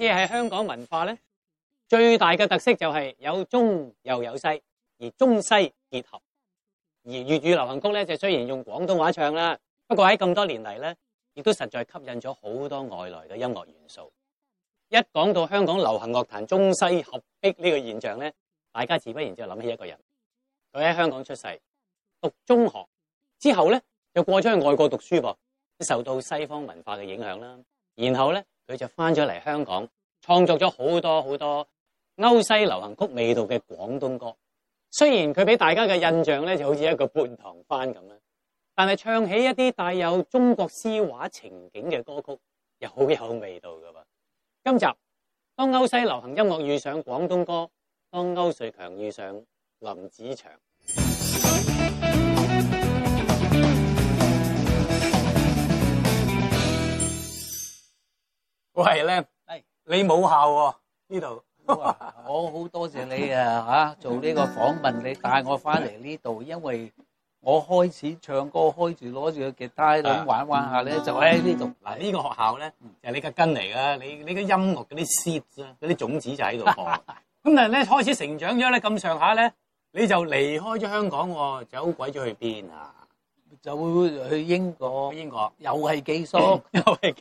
即係香港文化咧，最大嘅特色就係有中又有西，而中西結合。而粵語流行曲咧，就雖然用廣東話唱啦，不過喺咁多年嚟咧，亦都實在吸引咗好多外來嘅音樂元素。一講到香港流行樂壇中西合璧呢個現象咧，大家自不然就諗起一個人，佢喺香港出世，讀中學之後咧，就過咗去外國讀書噃，受到西方文化嘅影響啦，然後咧。佢就翻咗嚟香港，創作咗好多好多歐西流行曲味道嘅廣東歌。雖然佢俾大家嘅印象咧，就好似一個半唐番咁啦，但係唱起一啲帶有中國詩畫情景嘅歌曲，又好有味道噶噃。今集，當歐西流行音樂遇上廣東歌，當歐瑞強遇上林子祥。喂，係咧，係你母校喎呢度。我好多謝你啊，吓做呢個訪問，你帶我翻嚟呢度。因為我開始唱歌，開住攞住個吉他咁玩玩下咧，就喺呢度。嗱呢個學校咧，就你嘅根嚟啦。你你嘅音樂嗰啲 seed 啊，嗰啲種子就喺度放。咁但係咧開始成長咗咧，咁上下咧，你就離開咗香港，走鬼咗去邊啊？就會去英國，英國又係寄宿，又係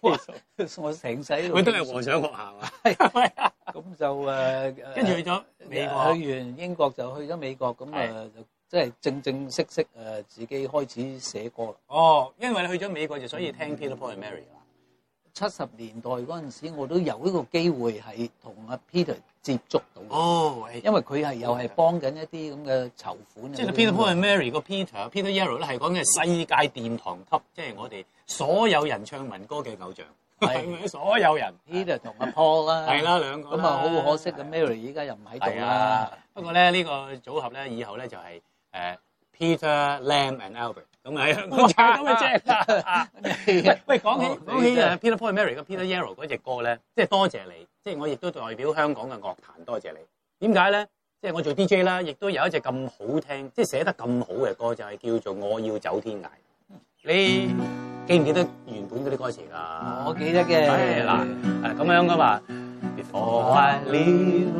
寄宿。我成世佢都係和尚學校啊，係咪啊？咁就誒，跟住去咗美國，去完英國就去咗美國，咁誒就即係正正式式誒自己開始寫歌啦。哦，因為你去咗美國就所以聽 Peter Paul and Mary 啦。七十年代嗰陣時，我都有呢個機會係同阿 Peter 接觸到，哦、oh,，因為佢係又係幫緊一啲咁嘅籌款。即、就、係、是、Peter Paul and Mary 個 Peter、Peter Yarrow 咧，係講緊世界殿堂級，即、就、係、是、我哋所有人唱民歌嘅偶像。係 所有人？Peter 同阿 Paul 啦、啊。係 啦、啊，兩個。咁啊，好可惜嘅、啊、Mary 依家又唔喺度啦。不過咧呢、這個組合咧以後咧就係、是、誒、uh, Peter、Lamb and Albert。唔係、啊，我、嗯、踩、啊啊啊、喂，講起講、哦、起誒、就是、，Peter Paul and Mary 嘅 Peter Yarrow 嗰隻歌咧，即係多謝你，即係我亦都代表香港嘅樂壇多謝你。點解咧？即係我做 DJ 啦，亦都有一隻咁好聽，即係寫得咁好嘅歌，就係、是、叫做《我要走天涯》。你記唔記得原本嗰啲歌詞啊？我記得嘅。嗱、哎，誒咁樣噶嘛。Before I leave,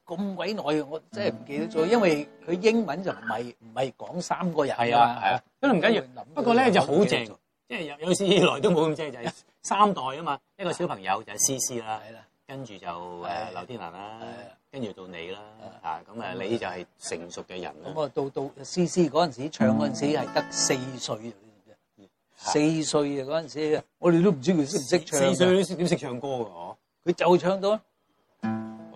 咁鬼耐嘅，我真係唔記得咗，因為佢英文就唔係唔係講三個人。係啊係啊，都唔緊要諗。不過咧就好正，即係有有史以來都冇咁正就係三代啊嘛，一個小朋友就係詩詩啦，跟住就誒劉天蘭啦，跟住到你啦嚇咁啊，你就係成熟嘅人。咁啊，到到詩詩嗰陣時唱嗰陣時係得四歲，四歲啊嗰陣時，我哋都唔知佢識唔識唱。四歲都識點識唱歌㗎呵？佢就唱到。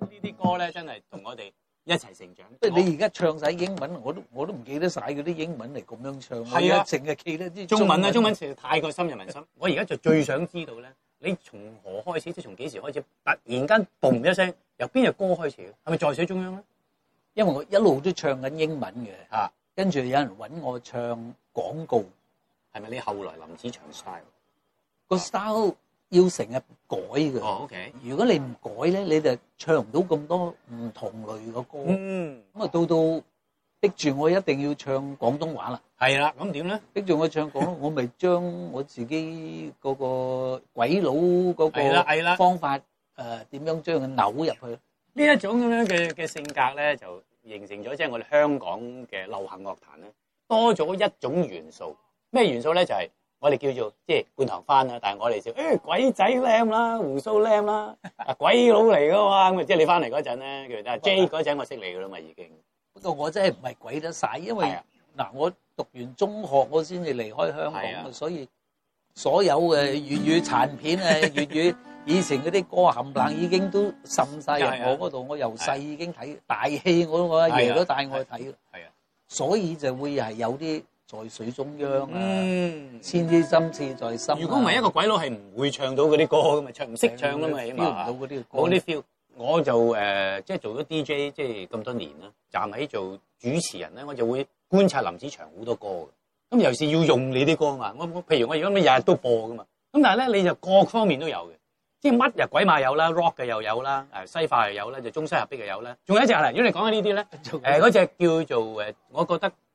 呢啲歌咧，真係同我哋一齊成長。即係你而家唱晒英文，我都我都唔記得晒嗰啲英文嚟咁樣唱。係啊，淨係記得啲中文啊！中文其實太過深入民心。 我而家就最想知道咧，你從何開始？即係從幾時開始？突然間嘣一聲，由邊隻歌開始？係咪在水中央咧？因為我一路都唱緊英文嘅吓、啊，跟住有人搵我唱廣告，係咪你後來林子祥 style 個 style？要成日改嘅，OK，如果你唔改咧，你就唱唔到咁多唔同類嘅歌。咁啊，到到逼住我一定要唱廣東話啦。係啦，咁點咧？逼住我唱廣，我咪將我自己嗰個鬼佬嗰個方法誒，點樣將佢扭入去。呢一種咁樣嘅嘅性格咧，就形成咗即係我哋香港嘅流行樂壇咧，多咗一種元素。咩元素咧？就係。我哋叫做即係灌糖翻啦，但係我哋叫誒鬼仔靚啦，鬍鬚靚啦，鬼佬嚟嘅嘛咁啊！即係你翻嚟嗰陣咧，叫咩？J 嗰陣我識你嘅啦嘛，已經不過我真係唔係鬼得曬，因為嗱我讀完中學我先至離開香港嘅，所以所有誒粵語殘片啊、粵語以前嗰啲歌啊，冚唪唥已經都滲曬入我嗰度。我由細已經睇大戲，我都我阿爺都帶我去睇咯，係啊，所以就會係有啲。在水中央啊！千枝針刺在心。如果唔係一個鬼佬，係唔會唱到嗰啲歌㗎嘛，唱唔識唱㗎嘛，起碼 feel 到嗰啲歌嗰啲 feel。我就誒，即係做咗 DJ，即係咁多年啦。站喺做主持人咧，我就會觀察林子祥好多歌嘅。咁尤其是要用你啲歌嘛。我我譬如我而家咁日日都播㗎嘛。咁但係咧，你就各方面都有嘅，即係乜嘢鬼馬有啦，rock 嘅又有啦，誒西化又有啦，就中西合璧又有啦。仲有一隻啊！如果你講緊呢啲咧，誒嗰隻叫做誒，我覺得。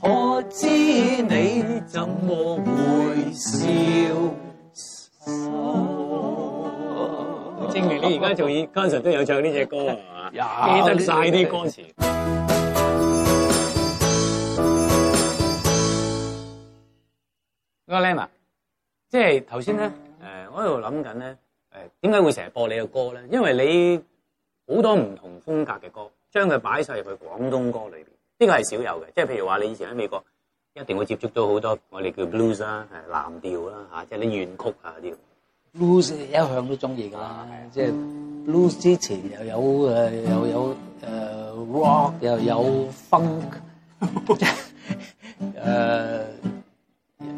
可知你怎麼會消失？正宇，你而家仲以經常都有唱呢隻歌啊，記得曬啲歌詞。阿靚女，即係頭先呢。我喺度諗緊呢，點解會成日播你嘅歌呢？因為你好多唔同風格嘅歌，將佢擺曬入去廣東歌裏邊。呢、這個係少有嘅，即係譬如話你以前喺美國，一定會接觸到好多我哋叫 blues 啦、啊，係藍調啦嚇，即係啲怨曲啊啲。blues 一向都中意㗎啦，即、嗯、係、就是、blues 之前又有誒又有誒、uh, rock 又有，有，有 funk，誒、 uh,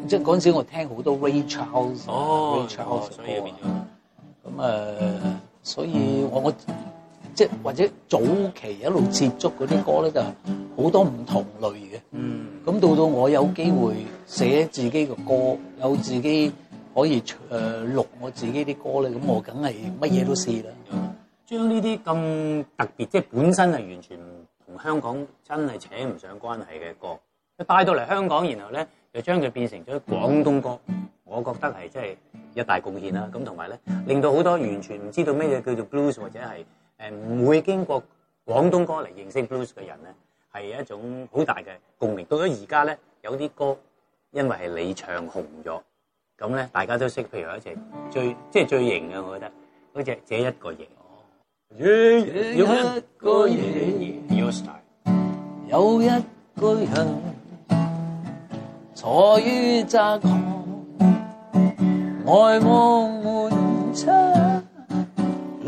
即係嗰陣時我聽好多 Ray Charles 哦。Ray Charles 哦，所以變咗。咁啊，uh, 所以我、嗯、我。即係或者早期一路接觸嗰啲歌咧，就好多唔同類嘅。嗯。咁到到我有機會寫自己嘅歌，有自己可以誒錄我自己啲歌咧，咁我梗係乜嘢都試啦。將呢啲咁特別，即係本身係完全同香港真係扯唔上關係嘅歌，佢帶到嚟香港，然後咧又將佢變成咗廣東歌，我覺得係真係一大貢獻啦。咁同埋咧，令到好多完全唔知道咩嘢叫做 blues 或者係。誒唔會經過廣東歌嚟認識 blues 嘅人咧，係一種好大嘅共鳴。到咗而家咧，有啲歌因為係你唱紅咗，咁咧大家都識。譬如一隻最即係最型嘅，我覺得似係這一個型。Yeah, yeah, yeah, yeah, yeah, yeah, yeah, 有一個人坐於窄巷外望門窗。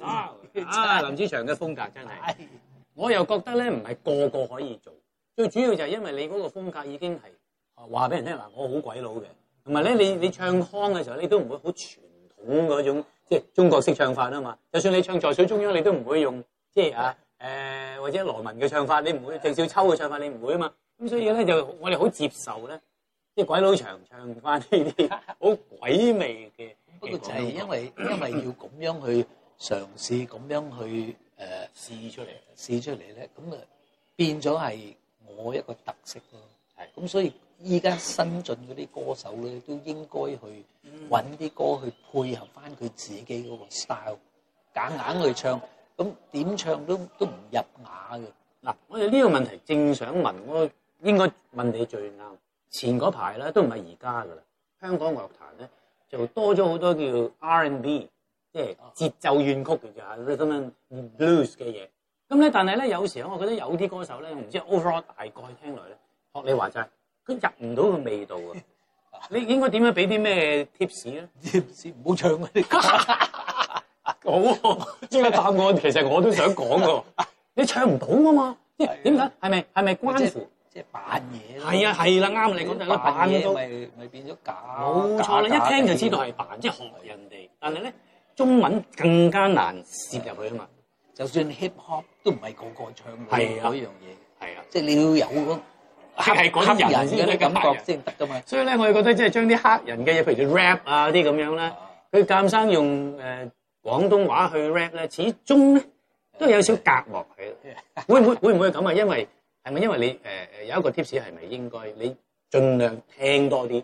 啊啊、林子祥嘅風格真係， 我又覺得咧唔係個個可以做，最主要就係因為你嗰個風格已經係話俾人聽嗱，我好鬼佬嘅，同埋咧你你唱腔嘅時候，你都唔會好傳統嗰種即係中國式唱法啊嘛，就算你唱在水中央，你都唔會用即係啊誒、呃、或者羅文嘅唱法，你唔會鄭少秋嘅唱法，你唔會啊嘛，咁所以咧就很我哋好接受咧，即係鬼佬長唱翻呢啲好鬼味嘅， 不過就係因為 因為要咁樣去。嘗試咁樣去誒試出嚟，試出嚟咧，咁啊變咗係我一個特色咯。係，咁所以依家新進嗰啲歌手咧，都應該去揾啲歌去配合翻佢自己嗰個 style，夾硬去唱，咁點唱都都唔入雅嘅。嗱，我哋呢個問題正想問，我應該問你最啱。前嗰排咧都唔係而家噶啦，香港樂壇咧就多咗好多叫 R&B。即係節奏怨曲嘅啫嚇，你咁樣 blues 嘅嘢。咁咧，但係咧，有時咧，我覺得有啲歌手咧，唔知 overall 大概聽來咧，學你話齋，佢入唔到個味道 啊。你應該點樣俾啲咩 tips 咧？tips 唔好唱啊！我呢個答案其實我都想講喎、啊。 你唱唔到啊嘛？點解？係咪係咪關乎即係、就是就是、扮嘢？係啊係啦，啱你講啦。扮嘢都咪咪變咗假，冇錯啦！一聽就知道係扮，即係學人哋。但係咧。中文更加難攝入去啊嘛！就算 hip hop 都唔係個個唱嗰樣嘢，係啊，即係、啊就係、你要有個黑、黑人嘅感覺先得噶嘛。所以咧，我覺得即係將啲黑人嘅嘢，譬如啲 rap 啊啲咁樣啦，佢間生用誒、呃、廣東話去 rap 咧，始終咧都有少隔膜嘅、啊。會唔會 會唔會係咁啊？因為係咪因為你誒、呃、有一個 tips 係咪應該你盡量聽多啲？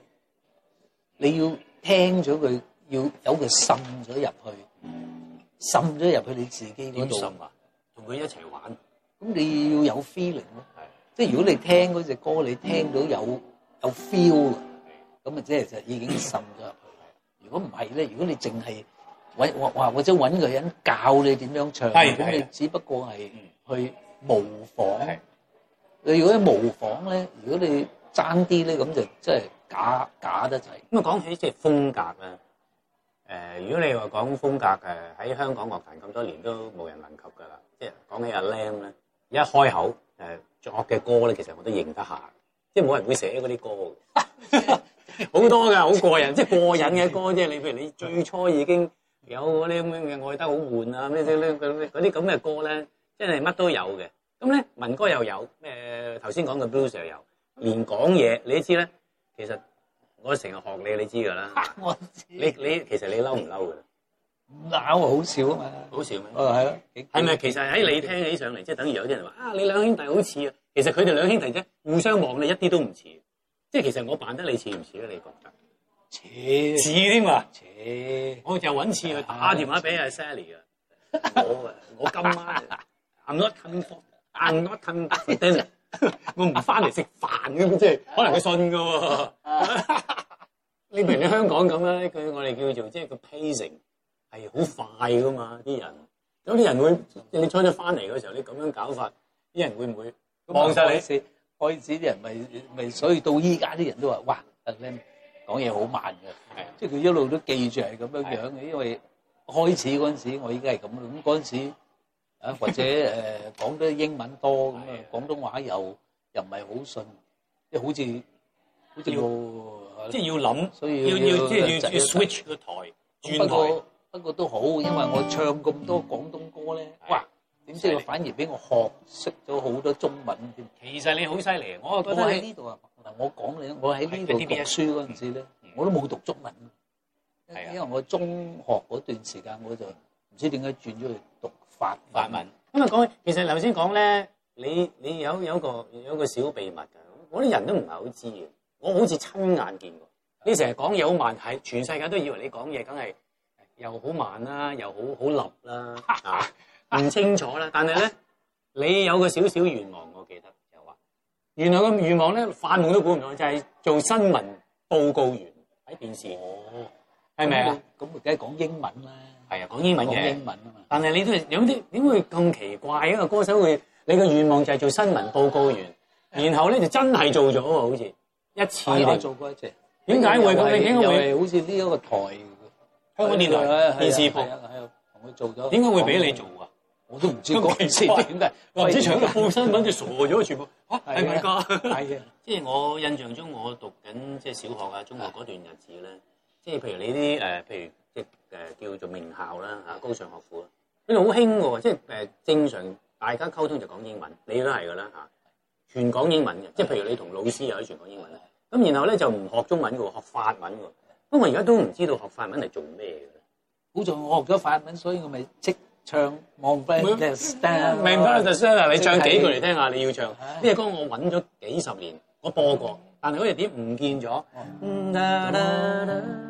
你要聽咗佢。嗯要有佢滲咗入去，滲咗入去你自己嗰度，同佢、啊、一齊玩。咁你要有 feeling、啊、即係如果你聽嗰隻歌，你聽到有有 feel，咁啊即係就已經滲咗入去。 如果唔係咧，如果你淨係揾或或者揾個人教你點樣唱，咁你只不過係去模仿。你、嗯、如果模仿咧，如果你爭啲咧，咁就真係假假得滯、就是。咁啊講起即係風格啊。誒，如果你話講風格，誒喺香港樂壇咁多年都冇人能及㗎啦。即係講起阿 Lam 咧，一開口誒作嘅歌咧，其實我都認得一下。即係冇人會寫嗰啲歌嘅，好 多㗎，好過， 過癮。即係過癮嘅歌，即係你譬如你最初已經有嗰啲咁嘅愛得好悶啊，咩嗰啲咁嘅歌咧，即係乜都有嘅。咁咧文歌又有，咩頭先講嘅 blues 又有，連講嘢你都知咧，其實。我成日學你，你知㗎啦。 我知。你你其實你嬲唔嬲㗎？嬲 好少啊嘛。好少咩？啊係啊。係 咪其實喺你聽起上嚟，即 係等於有啲人話 啊，你兩兄弟好似啊。其實佢哋兩兄弟啫，互相望你一啲都唔似。即係其實我扮得你似唔似啊？你覺得？似。似添啊？似。我就揾次去打電話俾阿 Sally 㗎。 我啊，我今晚 I'm not confirm, I'm not confirm 我唔翻嚟食飯，咁即係可能佢信噶。你唔係你香港咁啦，佢我哋叫做即係個 pacing 係好快噶嘛，啲人。有啲人會你初初翻嚟嘅時候，你咁樣搞法，啲人會唔會？望晒你先開始啲人咪咪，所以到依家啲人都話，哇，阿 Lam 講嘢好慢嘅，即係佢一路都記住係咁樣樣嘅。因為開始嗰陣時，我已經係咁，嗰陣時。啊，或者誒講得英文多咁啊，廣東話又又唔係好順，即係好似好似要即係要諗，所以要要即係要要 switch 個台轉台。不過不過都好，因為我唱咁多廣東歌咧，哇！點知反而俾我學識咗好多中文添。其實你好犀利，我覺得喺呢度嗱，我講你，我喺呢度讀書嗰陣時咧，我都冇讀中文，因為我中學嗰段時間我就。唔知點解轉咗去讀法法文。咁為講起，其實頭先講咧，你你有有一個有一個小秘密㗎。我啲人都唔係好知嘅。我好似親眼見過。你成日講嘢好慢，係全世界都以為你講嘢梗係又好慢啦，又好好腍啦，啊唔 清楚啦。但係咧，你有個少少願望，我記得就話。原來個願望咧，發夢都估唔到，就係、是、做新聞報告員喺電視。哦，係咪啊？咁梗係講英文啦。係啊，講英文嘅，講英文啊嘛。但係你都係有啲點會咁奇怪？一個歌手會，你個願望就係做新聞報告員，啊、然後咧就真係做咗啊！好似一次都做過一次。點解會咁？點解好似呢、啊啊啊啊啊啊啊、一個台香港電台電視台喺度同佢做咗？點解會俾你做啊？我都唔知嗰件事點解，或者知搶報新聞就傻咗全部。吓係咪噶？係啊，即係我印象中，我讀緊即係小學啊中學嗰段日子咧，即係譬如你啲誒，譬如。即係叫做名校啦嚇，高尚學府啦，呢度好興喎，即係誒正常大家溝通就講英文，你都係㗎啦嚇，全講英文嘅，即係譬如你同老師啊，都全講英文嘅。咁然後咧就唔學中文嘅喎，學法文嘅。我現在不過而家都唔知道學法文嚟做咩嘅咧。好在我學咗法文，所以我咪即唱《u n d e 明白你唱幾句嚟聽下，你要唱呢咩 歌？我揾咗幾十年，我播過，但係好似點唔見咗。Oh. 嗯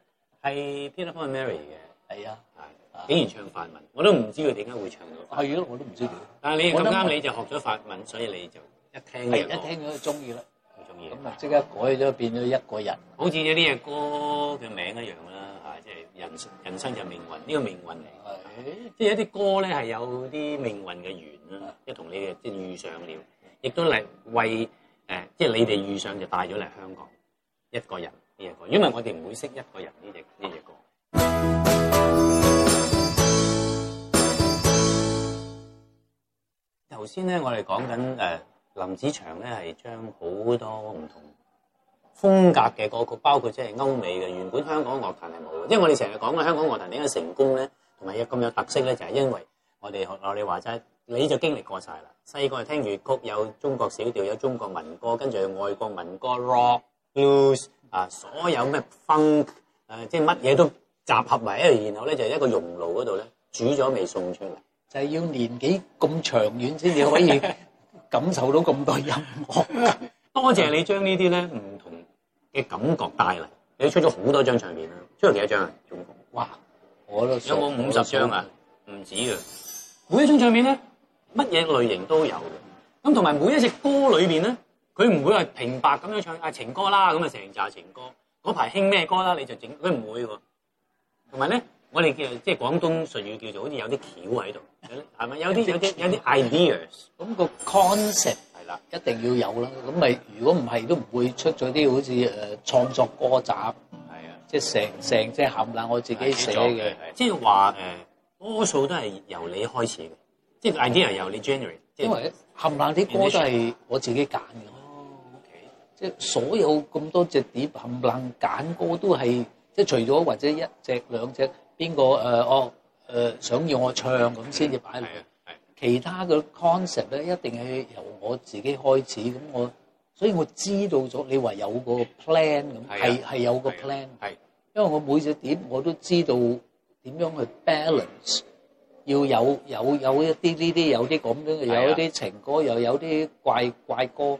係《Peter Paul and Mary》嘅。係啊，係竟然唱法文，我都唔知佢點解會唱到法文。係咯，啊，我都唔知點。但係你咁啱，你就學咗法文，所以你就一聽一，一聽咗就中意啦。唔中意，咁啊，即刻改咗，變咗一個人。好似有啲嘢歌嘅名字一樣啦，啊，即係人生，人生就命運。呢，這個命運嚟，即係，啊就是，一啲歌咧係有啲命運嘅緣啦，一同，啊就是，你哋即係遇上了，亦都嚟為誒，即，呃，係，就是，你哋遇上就帶咗嚟香港一個人。因為我哋唔會識一個人呢隻呢隻歌。頭先咧，我哋講緊誒、呃，林子祥咧係將好多唔同風格嘅歌曲，包括即係歐美嘅，原本香港樂壇係冇嘅，因為我哋成日講嘅香港樂壇點解成功咧，同埋有咁有特色咧，就係、是、因為我哋學我哋話齋，你就經歷過晒啦。細個係聽粵曲，有中國小調，有中國民歌，跟住外國民歌咯。Rock, 嗯，啊，所有咩 fun，誒、啊，即係乜嘢都集合埋一度，然後咧就一個熔爐嗰度咧煮咗未送出嚟，就係、是、要年紀咁長遠先至可以感受到咁多音樂。 多謝你將呢啲咧唔同嘅感覺帶嚟。你出咗好多張唱片啊，出咗幾多張啊？哇，我都有冇五十張啊？唔止啊！每一張唱片咧，乜嘢類型都有嘅。咁同埋每一隻歌裏邊咧。佢唔會平白咁樣唱啊情歌啦，咁啊成紮情歌嗰排興咩歌啦、啊？你就整佢唔會喎。同埋咧，我哋叫即係廣東粵語叫做好似有啲橋喺度，係 咪有啲 有啲有啲 ideas？咁、個 concept 係啦，一定要有啦。咁咪如果唔係都唔會出咗啲好似創作歌集啊，即係成成即係冚冷我自己寫嘅，即係話多數都係由你開始嘅，即、就、係、是、idea、嗯、由你 generate、就是。因為冚冷啲歌都係我自己揀嘅。即係所有咁多隻碟冚唪唥揀歌都係，即係除咗或者一隻兩隻邊個誒，哦，誒想要我唱咁先至擺落去。係啊，係。其他嘅 concept 咧一定係由我自己開始，咁我，所以我知道咗你話有個 plan，咁係係有個 plan。係，因為我每隻碟我都知道點樣去 balance，要有有有一啲呢啲有啲咁樣嘅，有一啲情歌又有啲怪怪歌。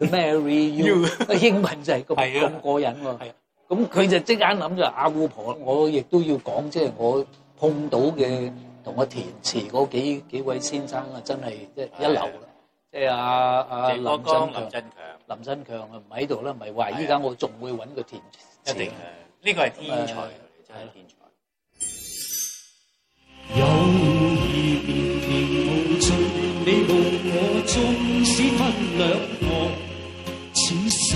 Marry you，個英文就係咁過癮喎。咁佢就即刻諗住阿巫婆，我亦都要講，即係我碰到嘅同我填詞嗰幾幾位先生啊，真係即係一流啦。即係阿阿林振強，林振強，林振強啊，唔喺度啦，唔係話依家我仲會搵個填詞，一定呢個係天才，真係天才。有如綿綿無盡，你我縱使分兩。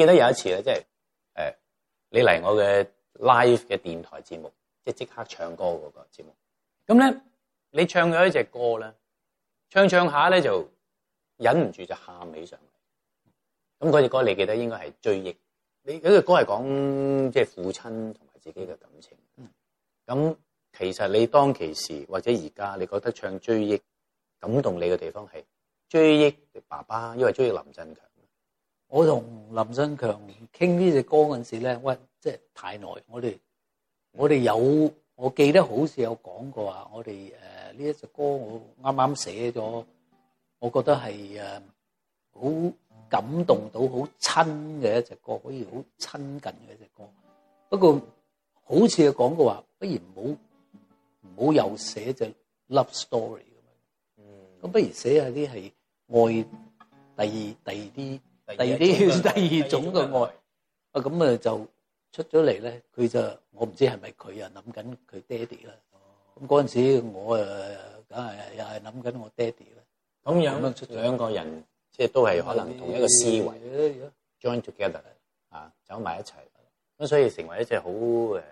記得有一次咧，即係誒你嚟我嘅 live 嘅電台節目，即係即刻唱歌嗰個節目。咁咧你唱咗一隻歌咧，唱唱下咧就忍唔住就喊起上嚟。咁嗰隻歌你記得應該係追憶。你嗰隻歌係講即係父親同埋自己嘅感情。咁其實你當其時或者而家，你覺得唱《追憶》感動你嘅地方係追憶爸爸，因為追憶林振強。我同林振強傾呢隻歌嗰陣時咧，喂即係太耐。我哋我哋有我記得好似有講過話，我哋誒呢一隻歌我啱啱寫咗，我覺得係誒好感動到好親嘅一隻歌，可以好親近嘅一隻歌。不過好似有講過話，不如唔好唔好又寫隻 Love Story 咁樣。嗯，咁不如寫下啲係愛第二第二啲。第二啲第二種嘅愛，啊咁啊就出咗嚟咧，佢就我唔知係咪佢啊諗緊佢爹哋啦。咁嗰陣時我啊，梗係又係諗緊我爹哋啦。咁樣兩個人即係都係可能同一個思維，join together 啊，走埋一齊咁，所以成為一隻好誒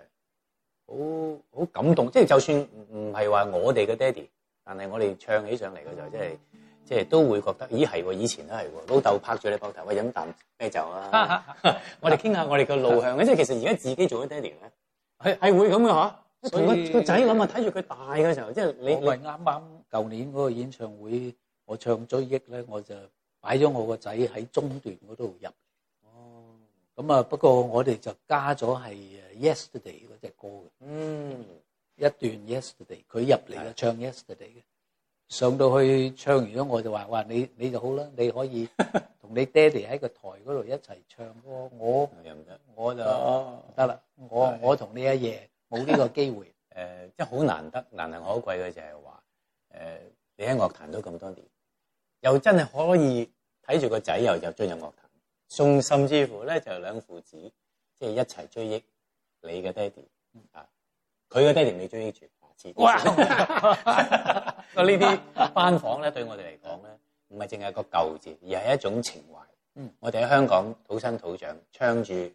好好感動。即係就算唔係話我哋嘅爹哋，但係我哋唱起上嚟嘅時候即係。即係都會覺得，咦係喎，以前都係喎。老豆拍住你膊頭，喂，飲啖啤酒啊。 我哋傾下我哋嘅路向嘅， 即係其實而家自己做咗爹哋咧，係係會咁嘅吓。同個仔諗下睇住佢大嘅時候，即係你。我啱啱舊年嗰個演唱會，我唱追憶咧，我就擺咗我個仔喺中段嗰度入。哦。咁啊，不過我哋就加咗係 Yesterday 嗰隻歌嘅。嗯。一段 Yesterday，佢入嚟唱 Yesterday 嘅。上到去唱完咗，我就話，哇！你你就好啦，你可以同你爹哋喺個台嗰度一齊唱歌。 我又唔得我就得啦。我我同你一夜冇呢個機會。誒、 呃，即係好難得、難能可貴嘅就係話，誒、呃，你喺樂壇都咁多年，又真係可以睇住個仔又又追入樂壇。甚甚至乎咧，就係、兩父子即係、就係、一齊追憶你嘅爹哋啊！佢嘅爹哋未追憶住。哇！個呢啲班房咧，對我哋嚟講咧，唔係淨係一個舊字，而係一種情懷。嗯，我哋喺香港土生土長，唱住呢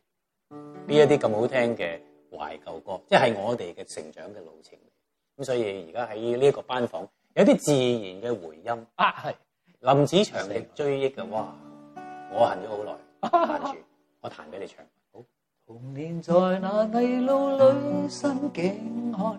一啲咁好聽嘅懷舊歌，即係我哋嘅成長嘅路程。咁所以而家喺呢一個班房，有啲自然嘅回音。啊，係林子祥嚟追憶嘅，哇！我行咗好耐，我彈住，我彈俾你唱。好，童年在那泥路裡，身經汗。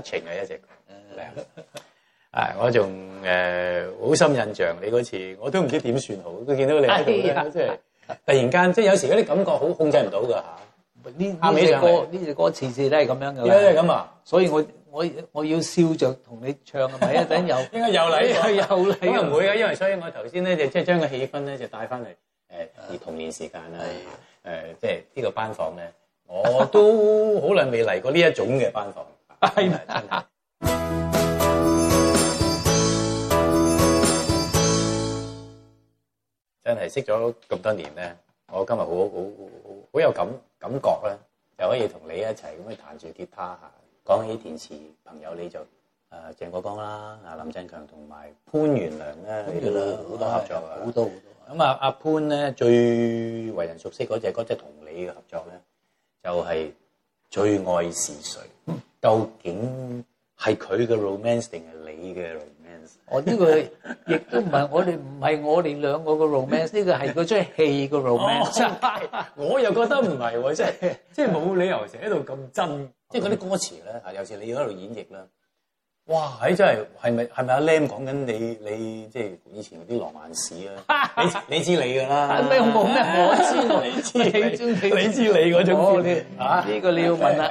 七情 啊一隻歌。我仲誒好深印象你嗰次，我都唔知點算好，都見到你喺度，即、哎、係 突然間，即係有時嗰啲感覺好控制唔到㗎。吓，呢隻歌，呢隻歌次次都係咁樣嘅，依家係咁啊！所以我我我要笑着同你唱啊！咪 下？一 等又應該 又嚟來？ 又嚟來？又唔會啊。因為所以我頭先咧就即係將個氣氛咧就帶翻嚟誒，而童年時間、哎、啊，即係呢個班房咧， 我都好耐未嚟過呢一種嘅班房。 真係識咗咁多年咧，我今日好好好有感感覺咧，又可以同你一齊咁去彈住吉他吓。講起電視朋友，你就誒鄭國江啦，阿林振強同埋潘源良咧，好多合作啊，好多好多咁啊。阿潘咧最為人熟悉嗰隻，嗰隻同你嘅合作咧，就係《最愛是誰》。究竟係佢嘅 romance 定係你嘅 romance？、哦這個、也不是我呢個亦都唔係，我哋唔係我哋兩個嘅 romance，呢個係個追戲嘅 romance、 哦。我又覺得唔係喎，即係 即係冇理由成日喺度咁真，即係嗰啲歌詞咧嚇，尤其是你喺度演繹啦，哇！唉，真係係咪係咪阿 Lam 講緊你你即係以前嗰啲浪漫史啊你你知你㗎啦，咩我咩我知你知，你知道你嗰 知道 種，呢個你要問啦。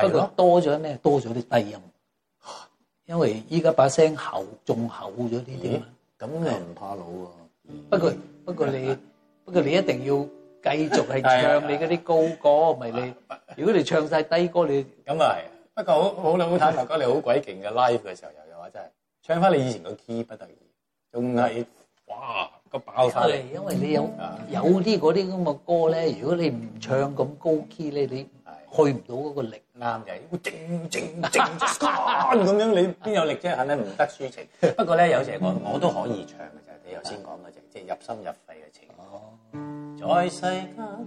不過多咗咩，多咗啲低音，因為依家把聲厚，仲厚咗啲啲。咁又唔怕老啊。不過不過你不過你一定要繼續係唱你嗰啲高歌，咪你。如果你唱曬低歌，你咁啊係。不過好好老坦白講，你好鬼勁嘅 live 嘅時候又有話真係唱翻你以前個 key 不得已，仲係哇個爆翻。因為你有有啲嗰啲咁嘅歌咧，如果你唔唱咁高 key 咧，你。去唔到嗰個力啱嘅，會、就是、靜靜靜咁 樣，你邊有力啫？肯定唔得抒情。 不過咧，有時我我都可以唱嘅啫。 你頭先講嗰隻，即、就、係、是、入心入肺嘅情歌，哦。在世間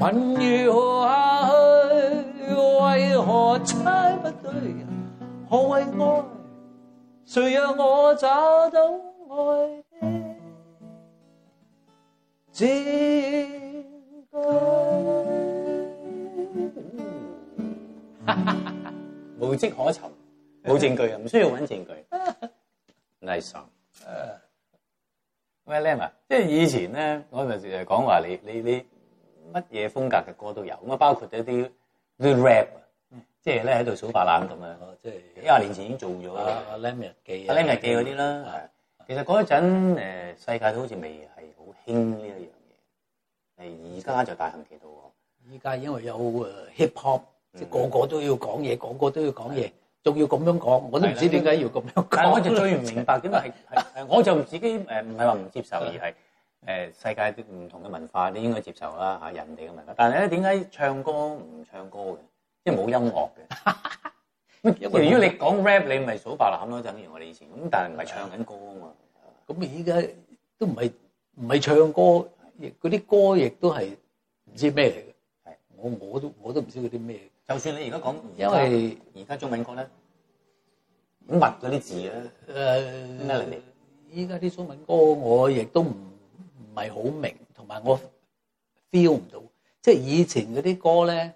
問如何下去？為何猜不對？何為愛？誰讓我找到愛的證據？無跡可尋，冇證據啊！唔需要揾證據。Nice song。喂，靚啊！即係以前咧，我咪成日講話你你你。乜嘢風格嘅歌都有，咁啊包括一啲啲 rap、嗯、即係咧喺度數白癈咁啊，即係幾廿年前已經做咗、嗯、啊，Lam 日記 Lam 日記嗰啲啦。其實嗰陣誒世界都好似未係好興呢一樣嘢，誒而家就大行其道。依家因為有 hip hop、嗯、即係個個都要講嘢，個個都要講嘢，仲要咁樣講，我都唔知點解要咁樣講，我就最唔明白點解，係係，我就自己誒唔係話唔接受，嗯、而係。誒，世界啲唔同嘅文化你應該接受啦吓，人哋嘅文化。但係咧，點解唱歌唔唱歌嘅？即係冇音樂嘅。咁如果你講 rap，你咪數白欖咯，就等於我哋以前咁。但係唔係唱緊歌啊嘛。咁你依家都唔係唔係唱歌，亦嗰啲歌亦都係唔知咩嚟嘅。係我我都我都唔知嗰啲咩。就算你而家講，因為而家中文歌咧，密嗰啲字啦。誒，咩嚟？依家啲中文歌我亦都唔。係好明，同埋我 feel 唔到，即係以前嗰啲歌咧，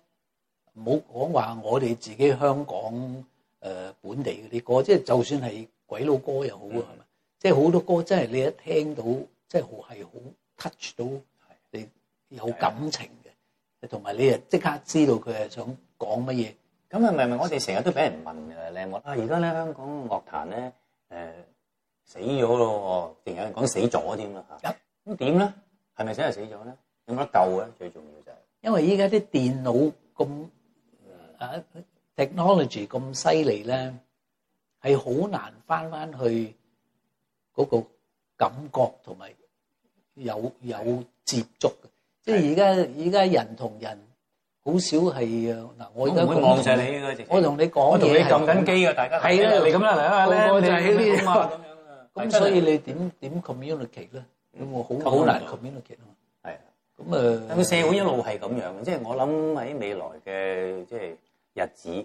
唔好講話我哋自己香港誒、呃、本地嗰啲歌，即係就算係鬼佬歌又好啊，係嘛？即係好多歌真係你一聽到，即係好係好 touch 到，你有感情嘅，同埋你啊即刻知道佢係想講乜嘢。咁啊，咪咪我哋成日都俾人問啊，靚我啊，而家咧香港樂壇咧誒、呃、死咗咯，仲有人講死咗添啦嚇。 咁點咧？係咪真係死咗咧？有乜救咧？最重要就係因為依家啲電腦咁啊，technology 咁犀利咧，係好難翻翻去嗰個感覺同埋有有接觸嘅。即係而家而家人同人好少係嗱，我而家望晒你，我同你講嘢，我同你撳緊機啊！大家係啊，你咁啦，嚟啊嘛，咁樣啊。咁所以你點點 communicate 咧？咁我好難 communicate 啊嘛，係啊，咁、嗯、誒，社會一路係咁樣的，即、就、係、是、我諗喺未來嘅即係日子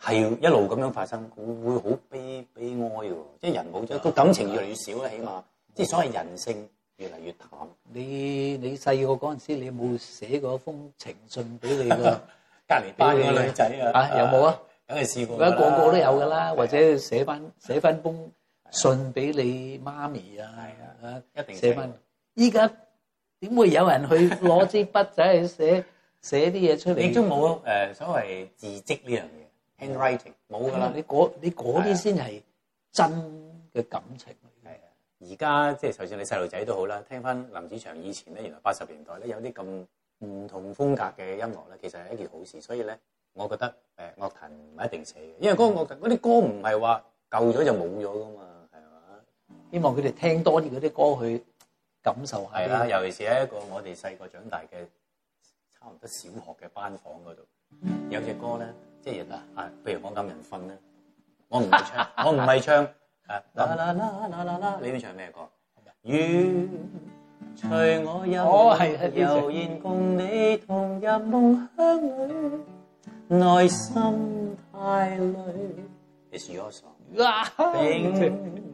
係一路咁樣發生，會會好悲悲哀喎，即、就、係、是、人冇咗個感情越嚟越少啦、啊，起碼即係所謂人性越嚟越淡。你你細個嗰陣時，你，時候你沒有冇寫過一封情信俾你的 隔給個隔離班嘅女仔啊？嚇有冇啊？梗係試過啦，個個都有㗎啦、啊，或者寫翻寫翻封。信俾你媽咪啊！啊，一定寫翻。依家點會有人去攞支筆仔去寫寫啲嘢出嚟？你都冇誒所謂字跡呢樣嘢，handwriting 冇㗎啦。你嗰你嗰啲先係真嘅感情。係啊，而家即係就算你細路仔都好啦，聽翻林子祥以前咧，原來八十年代咧有啲咁唔同風格嘅音樂咧，其實係一件好事。所以咧，我覺得誒樂壇唔係一定死嘅，因為嗰個樂壇嗰啲歌唔係話舊咗就冇咗㗎嘛。希望佢哋聽多啲嗰啲歌去感受下。係啦，尤其是喺一個我哋細個長大嘅差唔多小學嘅班房嗰度，有隻歌咧，即係啊，譬如《我冚人瞓》咧，我唔係唱，我唔係唱，啦啦啦啦啦啦，你會唱咩歌？願隨我入夢，悠然共你同入夢鄉裡，內心太累。It's your song。啊！聽住。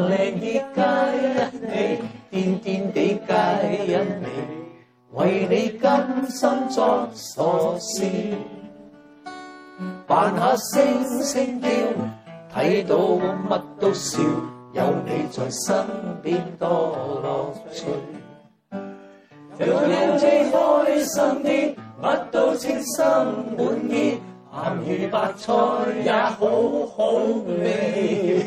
亮麗的皆因你，甜甜地皆因你，為你甘心做傻事，扮下猩猩叫，睇到乜都笑，有你在身邊多樂趣。有你開心啲，乜都稱心滿意，鹹魚白菜也好好味。